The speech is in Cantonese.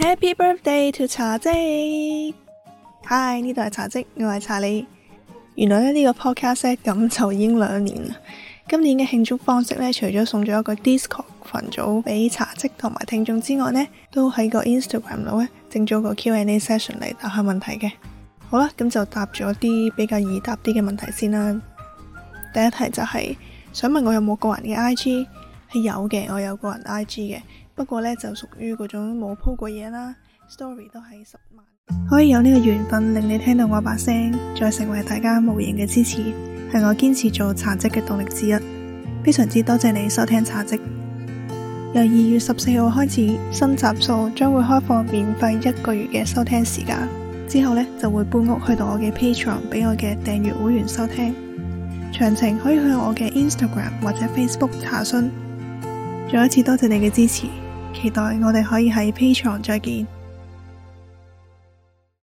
Happy birthday to 茶嘖！Hi，呢度係茶嘖，我係查理。原來咧呢、呢個 podcast 咁就已經兩年啦。今年嘅慶祝方式呢，除咗送咗一個 Discord 群組俾茶嘖同埋聽眾之外呢，都喺個 Instagram 度呢整咗個 Q&A session 嚟答下問題嘅。好啦，咁就答咗啲比較易答啲嘅問題先啦。第一題就係、是、想問我有冇個人嘅 IG。係有嘅，我有個人 I G 嘅，不過呢，就屬於嗰種冇鋪過嘢啦，Story 都係十萬。可以有呢個緣分令你聽到我把聲，再成為大家無形嘅支持，係我堅持做茶職嘅動力之一。非常之多謝你收聽茶職。由二月十四號開始，新集數將會開放免費一個月嘅收聽時間，之後呢，就會搬屋去到我嘅 Patreon，俾我嘅訂閱會員收聽。詳情可以去我嘅 Instagram 或者 Facebook 查詢。再一次多謝你嘅支持，期待我哋可以喺 Patreon 再見。